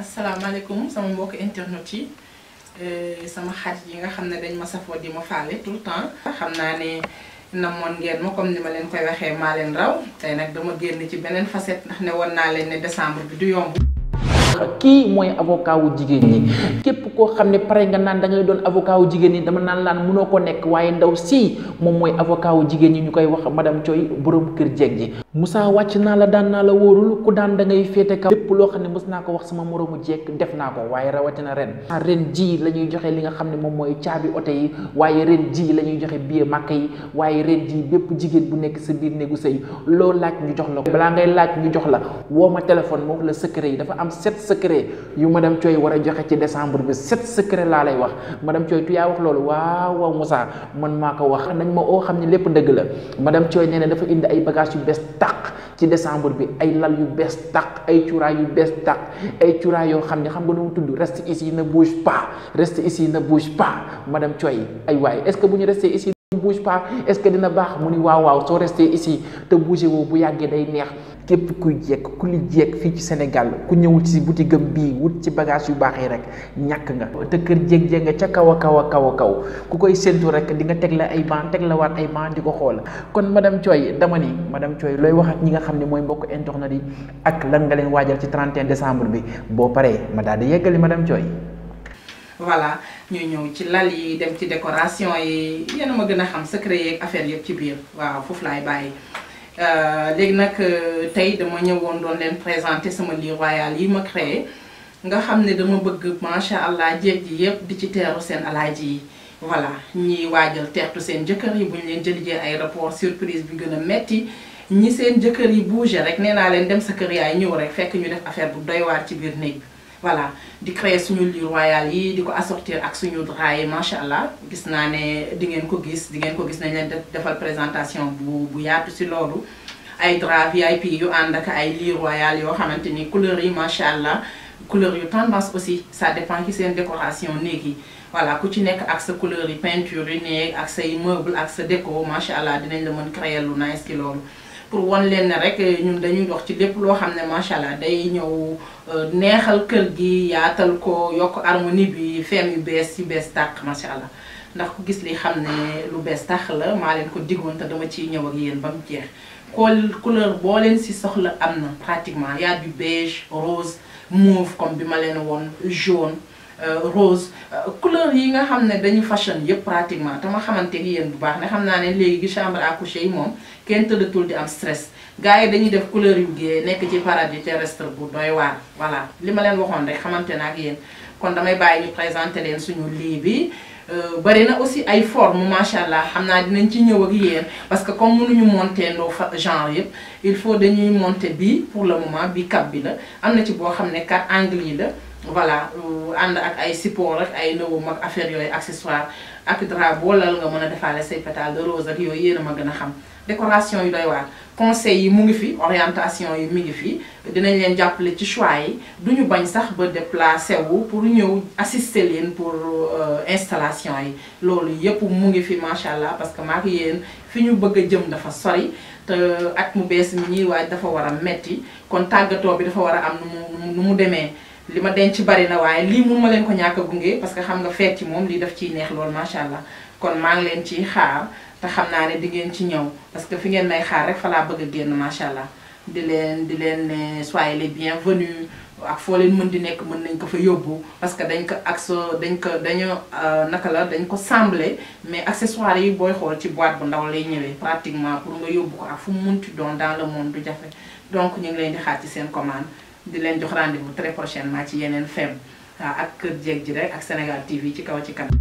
asalaamaaleykum sama mbokk internet yi euh, sama xarit yi nga xam ne dañ ma safoo di ma faale tout le temps. xam naa ne na namoon ngeen ma comme ni ma leen koy waxee maa leen raw tey nag dama génn ci beneen facette ndax ne woon naa leen ne décembre bi du yomb. kii mooy avocat wu jigéen ñi képp koo xam ne pare nga naan da doon avocat wu jigéen ñi dama naan laan mënoo ko nekk waaye ndaw si moom mooy avocat wu jigéen ñi ñu koy wax madame Thioye borom kër jeeg ji Moussa wàcc naa la daan naa la wóorul ku daan da féete kaw loo xam ne mës naa ko wax sama moroomu jeeg def ko waaye rawatina ren ah, ren ji la ñuy joxe li nga xam ne moom mooy caabi oto yi waaye ren ji la ñuy joxe billet màkk yi waaye ren ji bépp jigéen bu nekk sa biir néegu sëy loo laaj ñu jox la ko balaa ngay laaj ñu jox la woo ma téléphone moo la secret yi dafa am sept secret yu madame Thioye war a joxe ci décembre bi sept secret laa lay wax madame Thioy tu yaa wax loolu waaw waaw Moussa man maa ko wax nañ ma oo xam ne lépp dëgg la madame Thioy nee na dafa indi ay bagages yu bees tàq ci décembre bi ay lal yu bees tàq ay cuuraay yu bees tàq ay cuuraay yoo xam ne xam nga nu mu tudd reste na ne bouge rest reste ici ne bouge pas madame Thioy ay waay est que bu ñu reste ici bouge pas est-ce que dina baax mu ni waaw waaw soo resté ici te bougé woo bu yàggee day neex képp kuy jekk ku li jekk fii ci Sénégal ku ñëwul ci boutique gëm bii wut ci bagage yu baax yi rek ñàkk nga te kër jéeg-jéeg nga ca kaw a kaw a kaw a kaw ku koy séntu rek di nga teg la ay ban teg la waat ay ban di ko xool kon madame Thioye dama ni madame Thioye looy wax ñi nga xam ne mooy mbokk internet yi ak lan nga leen waajal ci 31 décembre bi boo paree ma daal di yeggali madame Thioye voilà ñu ñëw ci lal yi dem ci décoration yi yéen a ma gën a xam secret yeeg affaire yëpp ci biir waaw foofu laay bàyyi. Euh, léegi nag euh, tey dama ñëwoon doon leen présenter sama lit royal yi ma créé nga xam ne dama bëgg macha allah jéeg ji yëpp di ci teeru seen alaaji yi voilà ñi waajal teertu seen jëkkër yi bu ñu leen jëlijee ay rapport surprise bi gën a metti ñi seen jëkkër yi bougé rek nee naa leen dem sa kër yaay ñëw rek fekk ñu def affaire bu doy waar ci biir néeg bi voilà di créer suñu lit royal yi di ko assortir ak suñu drap machallah gis naa ne di ngeen ko gis di ngeen ko gis nañ leen defal présentation bu bu yaatu ci loolu ay drap VIP yu and ak ay lit royal yo xamanteni couleur yi machallah couleur yu tendance aussi ça dépend ci seen décoration néeg yi voilà ku ci nekk ak sa couleur yi peinture yi néeg ak say meuble ak sa déco machallah dinañ la mën créer lu nice ci loolu pour won len ne rek ñun dañuy dox ci lépp lo xamne ma sha allah day ñëw neexal kër gi yaatal ko yok harmonie bi fem yu bes ci bes tak ma sha allah ndax ku gis li xamne lu bes tàq la ma len ko digoon te dama ci ñëw ak yéen bam jeex xool couleur bo len ci soxla amna pratiquement ya du beige rose mauve comme bima len won jaune. Euh, rose euh, couleur yi nga xam ne dañu fashion yëpp pratiquement te ma xamante gi yéen bu baax ne xam naa ne léegi chambre à coucher moom kenn tëddatul di am stress gars yi dañuy def couleur yu gée nekk ci paradis terrestre bu doy waar voilà li ma leen waxoon rek xamante na ak yéen kon damay bàyyi ñu présenté leen suñu lii bi euh, bari na aussi ay forme macha allah xam naa dinañ ci ñëw ak yéen parce que comme mënuñu ñu ndoo fa genre yëpp il faut dañuy monter bii pour bi cap bi la am na ci boo xam ne quatre angles yi la voilà and ak ay support rek ay nëwum ak affaire yooyu accessoire ak drap boolal nga mëna a say pétales de rose ak yoy yéna ma gëna xam décoration yu doy waar conseil yi mu ngi fi orientation yi mu ngi fi dinañ leen jàppale ci choix yi duñu bañ sax ba déplacer wu pour ñëw assister leen pour euh, installation yi loolu yépp mu ngi fi machallah parce que maa ngi yéen fi ñu bëgg jëm dafa sori te at mu bees mi ñi way dafa war a metti kon tàggatoo bi dafa war a am nu mu nu li ma denc bari na waaye lii mun ma leen ko ñàkk a gunge parce que xam nga feet ci moom lii daf ciy neex lool macha allah kon maa ngi leen ci xaar te xam naa ne di ngeen ci ñëw parce que fi ngeen may xaar rek fa laa bëgg a génn macha allah di leen di leen ne soyez les bienvenus ak foo leen mën di nekk mën nañ ko fa yóbbu parce que dañ ko ak so dañ ko dañu euh, naka la dañ ko semblé mais accessoire yi booy xool ci boîte bu ndaw lay ñëwee pratiquement pour nga yóbbu ko ak fu mu munti doon dans le monde du jafe donc ñu ngi leen di xaar ci seen commande di leen jox rendez-vous très prochainement ci Yenen Femme, ak Kër Jéeg ji rek ak Sénégal TV ci kaw ci kanam.